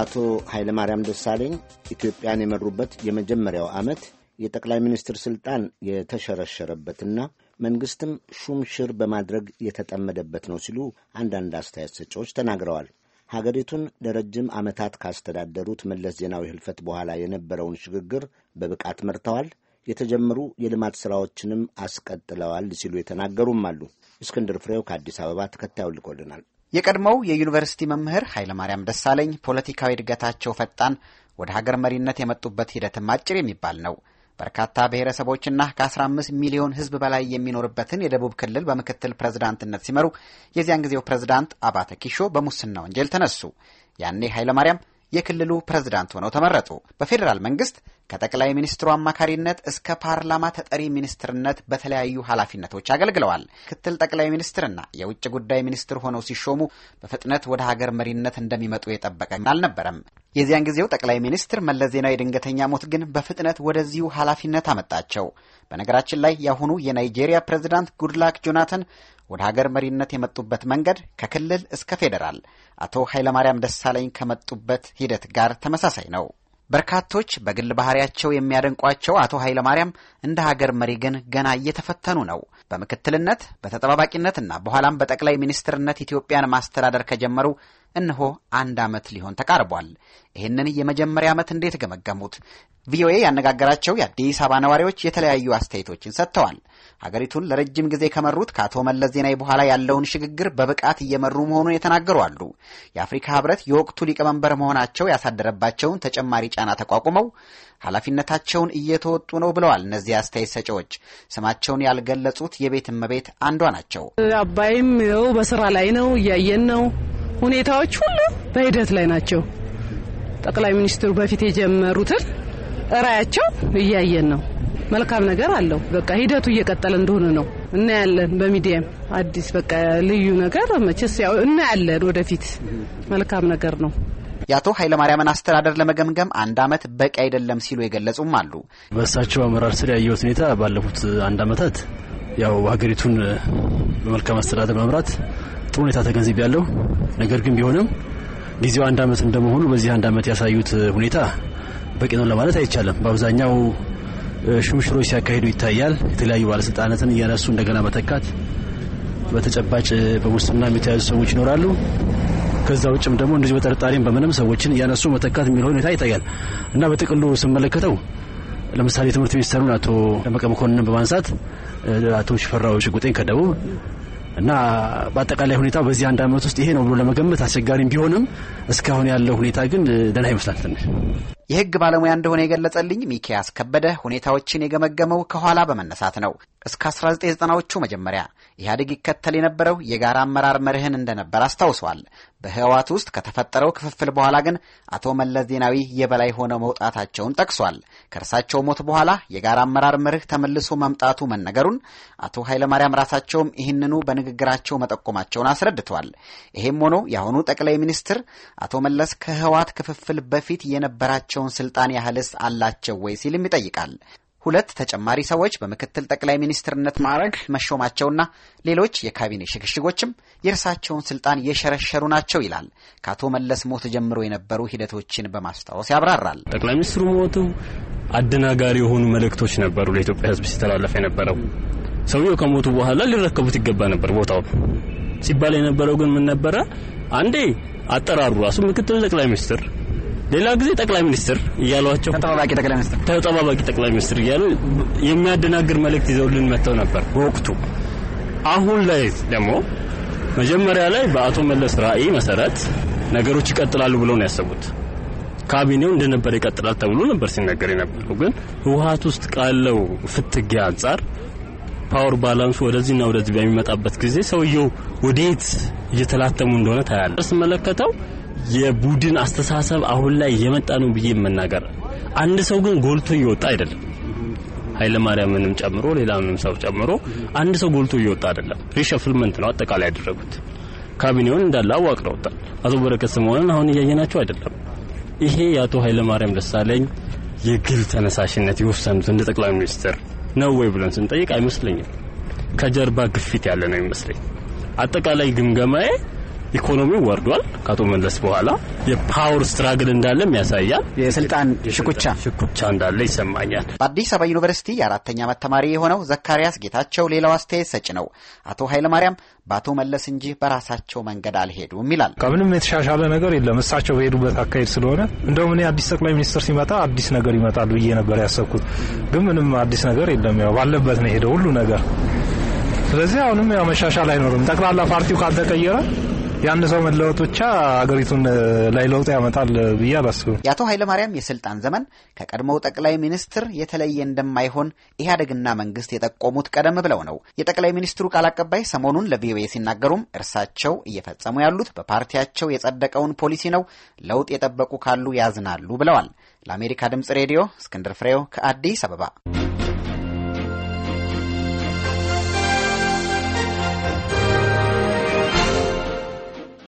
አቶ ኃይለማርያም ደሳለኝ ኢትዮጵያን የመሩበት የመጀመሪያው ዓመት የጠቅላይ ሚኒስትር ስልጣን የተሸረሸረበትና መንግስትም ሹምሽር በማድረግ የተጠመደበት ነው ሲሉ አንዳንድ አስተያየት ሰጪዎች ተናግረዋል። ሀገሪቱን ለረጅም ዓመታት ካስተዳደሩት መለስ ዜናዊ ሕልፈት በኋላ የነበረውን ሽግግር በብቃት መርተዋል፣ የተጀመሩ የልማት ሥራዎችንም አስቀጥለዋል ሲሉ የተናገሩም አሉ። እስክንድር ፍሬው ከአዲስ አበባ ተከታዩ ልኮልናል። የቀድሞው የዩኒቨርሲቲ መምህር ኃይለማርያም ደሳለኝ ፖለቲካዊ እድገታቸው ፈጣን ወደ ሀገር መሪነት የመጡበት ሂደትም አጭር የሚባል ነው። በርካታ ብሔረሰቦችና ከ15 ሚሊዮን ሕዝብ በላይ የሚኖርበትን የደቡብ ክልል በምክትል ፕሬዝዳንትነት ሲመሩ የዚያን ጊዜው ፕሬዝዳንት አባተ ኪሾ በሙስና ወንጀል ተነሱ። ያኔ ኃይለማርያም የክልሉ ፕሬዝዳንት ሆነው ተመረጡ። በፌዴራል መንግስት ከጠቅላይ ሚኒስትሩ አማካሪነት እስከ ፓርላማ ተጠሪ ሚኒስትርነት በተለያዩ ኃላፊነቶች አገልግለዋል። ምክትል ጠቅላይ ሚኒስትርና የውጭ ጉዳይ ሚኒስትር ሆነው ሲሾሙ በፍጥነት ወደ ሀገር መሪነት እንደሚመጡ የጠበቀ አልነበረም። የዚያን ጊዜው ጠቅላይ ሚኒስትር መለስ ዜናዊ የድንገተኛ ሞት ግን በፍጥነት ወደዚሁ ኃላፊነት አመጣቸው። በነገራችን ላይ የአሁኑ የናይጄሪያ ፕሬዚዳንት ጉድላክ ጆናተን ወደ ሀገር መሪነት የመጡበት መንገድ ከክልል እስከ ፌዴራል አቶ ኃይለማርያም ደሳለኝ ከመጡበት ሂደት ጋር ተመሳሳይ ነው። በርካቶች በግል ባህሪያቸው የሚያደንቋቸው አቶ ኃይለማርያም እንደ ሀገር መሪ ግን ገና እየተፈተኑ ነው። በምክትልነት በተጠባባቂነትና በኋላም በጠቅላይ ሚኒስትርነት ኢትዮጵያን ማስተዳደር ከጀመሩ እነሆ አንድ ዓመት ሊሆን ተቃርቧል። ይህንን የመጀመሪያ ዓመት እንዴት ገመገሙት? ቪኦኤ ያነጋገራቸው የአዲስ አበባ ነዋሪዎች የተለያዩ አስተያየቶችን ሰጥተዋል። ሀገሪቱን ለረጅም ጊዜ ከመሩት ከአቶ መለስ ዜናዊ በኋላ ያለውን ሽግግር በብቃት እየመሩ መሆኑን የተናገሩ አሉ። የአፍሪካ ህብረት የወቅቱ ሊቀመንበር መሆናቸው ያሳደረባቸውን ተጨማሪ ጫና ተቋቁመው ኃላፊነታቸውን እየተወጡ ነው ብለዋል። እነዚህ አስተያየት ሰጪዎች ስማቸውን ያልገለጹት የቤት እመቤት አንዷ ናቸው። አባይም ው በስራ ላይ ነው፣ እያየን ነው። ሁኔታዎች ሁሉ በሂደት ላይ ናቸው። ጠቅላይ ሚኒስትሩ በፊት የጀመሩትን እራያቸው እያየን ነው መልካም ነገር አለው። በቃ ሂደቱ እየቀጠለ እንደሆነ ነው እናያለን። በሚዲያም አዲስ በቃ ልዩ ነገር መቼስ ያው እናያለን ወደፊት መልካም ነገር ነው። የአቶ ኃይለማርያምን አስተዳደር ለመገምገም አንድ ዓመት በቂ አይደለም ሲሉ የገለጹም አሉ። በእሳቸው አመራር ስር ያየሁት ሁኔታ ባለፉት አንድ ዓመታት ያው ሀገሪቱን በመልካም አስተዳደር መምራት ጥሩ ሁኔታ ተገንዝብ ያለው ነገር ግን ቢሆንም ጊዜው አንድ ዓመት እንደመሆኑ በዚህ አንድ ዓመት ያሳዩት ሁኔታ በቂ ነው ለማለት አይቻልም። በአብዛኛው ሽምሽሮች ሲያካሂዱ ይታያል። የተለያዩ ባለስልጣናትን እያነሱ እንደገና መተካት በተጨባጭ በሙስና የሚተያዙ ሰዎች ይኖራሉ። ከዛ ውጭም ደግሞ እንደዚህ በጠርጣሪም በምንም ሰዎችን እያነሱ መተካት የሚል ሁኔታ ይታያል እና በጥቅሉ ስመለከተው ለምሳሌ ትምህርት ሚኒስተሩን አቶ ደመቀ መኮንንን በማንሳት አቶ ሽፈራው ሽጉጤን ከደቡብ እና በአጠቃላይ ሁኔታ በዚህ አንድ ዓመት ውስጥ ይሄ ነው ብሎ ለመገመት አስቸጋሪም ቢሆንም እስካሁን ያለው ሁኔታ ግን ደህና ይመስላል ትንሽ የህግ ባለሙያ እንደሆነ የገለጸልኝ ሚኪያስ ከበደ ሁኔታዎችን የገመገመው ከኋላ በመነሳት ነው። እስከ 1990ዎቹ መጀመሪያ ኢህአዴግ ይከተል የነበረው የጋራ አመራር መርህን እንደነበር አስታውሷል። በህወሓት ውስጥ ከተፈጠረው ክፍፍል በኋላ ግን አቶ መለስ ዜናዊ የበላይ ሆነው መውጣታቸውን ጠቅሷል። ከእርሳቸው ሞት በኋላ የጋራ አመራር መርህ ተመልሶ መምጣቱ መነገሩን አቶ ኃይለማርያም ራሳቸውም ይህንኑ በንግግራቸው መጠቆማቸውን አስረድተዋል። ይህም ሆኖ የአሁኑ ጠቅላይ ሚኒስትር አቶ መለስ ከህወሓት ክፍፍል በፊት የነበራቸውን ስልጣን ያህልስ አላቸው ወይ ሲልም ይጠይቃል። ሁለት ተጨማሪ ሰዎች በምክትል ጠቅላይ ሚኒስትርነት ማዕረግ መሾማቸውና ሌሎች የካቢኔ ሽግሽጎችም የእርሳቸውን ስልጣን የሸረሸሩ ናቸው ይላል። ከአቶ መለስ ሞት ጀምሮ የነበሩ ሂደቶችን በማስታወስ ያብራራል። ጠቅላይ ሚኒስትሩ ሞቱ አደናጋሪ የሆኑ መልእክቶች ነበሩ ለኢትዮጵያ ሕዝብ ሲተላለፍ የነበረው። ሰውየው ከሞቱ በኋላ ሊረከቡት ይገባ ነበር ቦታው ሲባል የነበረው ግን ምን ነበረ? አንዴ አጠራሩ ራሱ ምክትል ጠቅላይ ሚኒስትር ሌላ ጊዜ ጠቅላይ ሚኒስትር እያሏቸው ተጠባባቂ ጠቅላይ ሚኒስትር ተጠባባቂ ጠቅላይ ሚኒስትር እያሉ የሚያደናግር መልእክት ይዘውልን መጥተው ነበር በወቅቱ። አሁን ላይ ደግሞ መጀመሪያ ላይ በአቶ መለስ ራዕይ መሰረት ነገሮች ይቀጥላሉ ብለው ነው ያሰቡት። ካቢኔው እንደነበር ይቀጥላል ተብሎ ነበር ሲነገር የነበረው። ግን ህወሀት ውስጥ ካለው ፍትጊያ አንጻር ፓወር ባላንሱ ወደዚህና ወደዚህ በሚመጣበት ጊዜ ሰውየው ወዴት እየተላተሙ እንደሆነ ታያለ። ስመለከተው የቡድን አስተሳሰብ አሁን ላይ የመጣ ነው ብዬ መናገር አንድ ሰው ግን ጎልቶ እየወጣ አይደለም። ማርያምንም ጨምሮ ሌላንም ሰው ጨምሮ አንድ ሰው ጎልቶ እየወጣ አይደለም። ሪሸፍልመንት ነው አጠቃላይ ያደረጉት። ካቢኔውን እንዳለ አዋቅረውታል። አቶ በረከት ስምኦንን አሁን እያየናቸው አይደለም። ይሄ የአቶ ኃይለማርያም ደሳለኝ የግል ተነሳሽነት የወሰኑት እንደ ጠቅላይ ሚኒስትር ነው ወይ ብለን ስንጠይቅ አይመስለኝም። ከጀርባ ግፊት ያለ ነው ይመስለኝ። አጠቃላይ ግምገማዬ ኢኮኖሚው ወርዷል ከአቶ መለስ በኋላ። የፓወር ስትራግል እንዳለም ያሳያል። የስልጣን ሽኩቻ ሽኩቻ እንዳለ ይሰማኛል። በአዲስ አበባ ዩኒቨርሲቲ የአራተኛ ዓመት ተማሪ የሆነው ዘካርያስ ጌታቸው ሌላው አስተያየት ሰጭ ነው። አቶ ኃይለማርያም በአቶ መለስ እንጂ በራሳቸው መንገድ አልሄዱም ይላል። ከምንም የተሻሻለ ነገር የለም እሳቸው በሄዱበት አካሄድ ስለሆነ እንደውም እኔ አዲስ ጠቅላይ ሚኒስትር ሲመጣ አዲስ ነገር ይመጣል ብዬ ነበር ያሰብኩት። ግን ምንም አዲስ ነገር የለም። ያው ባለበት ነው የሄደው ሁሉ ነገር። ስለዚህ አሁንም ያው መሻሻል አይኖርም። ጠቅላላ ፓርቲው ካልተቀየረ የአንድ ሰው መለወጥ ብቻ አገሪቱን ላይ ለውጥ ያመጣል ብዬ አላስብም። የአቶ ኃይለማርያም የስልጣን ዘመን ከቀድሞው ጠቅላይ ሚኒስትር የተለየ እንደማይሆን ኢህአዴግና መንግስት የጠቆሙት ቀደም ብለው ነው። የጠቅላይ ሚኒስትሩ ቃል አቀባይ ሰሞኑን ለቪኦኤ ሲናገሩም እርሳቸው እየፈጸሙ ያሉት በፓርቲያቸው የጸደቀውን ፖሊሲ ነው፣ ለውጥ የጠበቁ ካሉ ያዝናሉ ብለዋል። ለአሜሪካ ድምጽ ሬዲዮ እስክንድር ፍሬው ከአዲስ አበባ